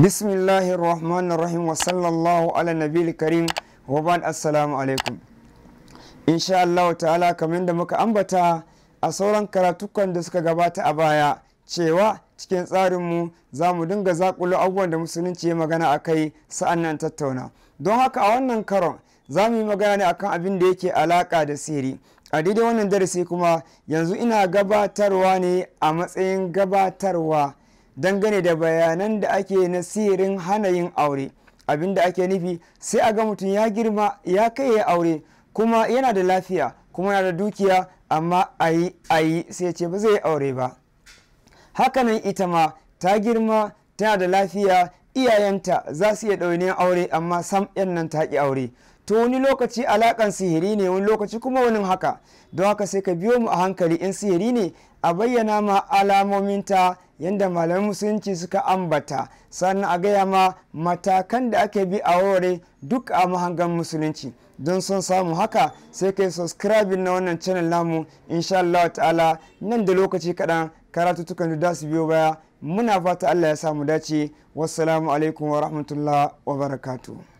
بسم الله الرحمن الرحيم وصلى الله على النبي الكريم وبعد السلام عليكم إن شاء الله تعالى kamar da muka ambata a sauran karatukan da suka gabata a baya cewa cikin tsarinmu za mu dinga zakulo abubuwan da musulunci ya magana a kai sa'an nan tattauna don haka a wannan karon za mu yi magana ne akan abin da yake alaƙa da sihiri a daidai wannan darasi kuma yanzu ina gabatarwa ne a matsayin gabatarwa dangane da bayanan da ake na sihirin hana yin aure abinda ake nufi sai a ga mutum ya girma ya kai ya aure kuma yana da lafiya kuma yana da dukiya amma ayi ayi sai ce ba zai aure ba hakanan ita ma ta girma tana da lafiya iyayenta za su iya ɗaune aure amma sam yan nan ta ƙi aure to wani lokaci alakan sihiri ne wani lokaci kuma wani haka don haka sai ka biyo mu a hankali in sihiri ne a bayyana ma alamominta yadda malamin musulunci suka ambata sannan a gaya ma matakan da ake bi a ware duk a mahangan musulunci don sun samu haka sai kai subscribe na wannan channel namu insha Allah ta'ala nan da lokaci kaɗan tukan da su biyo baya muna fata Allah ya samu dace wassalamu alaikum wa rahmatullah wa barakatuh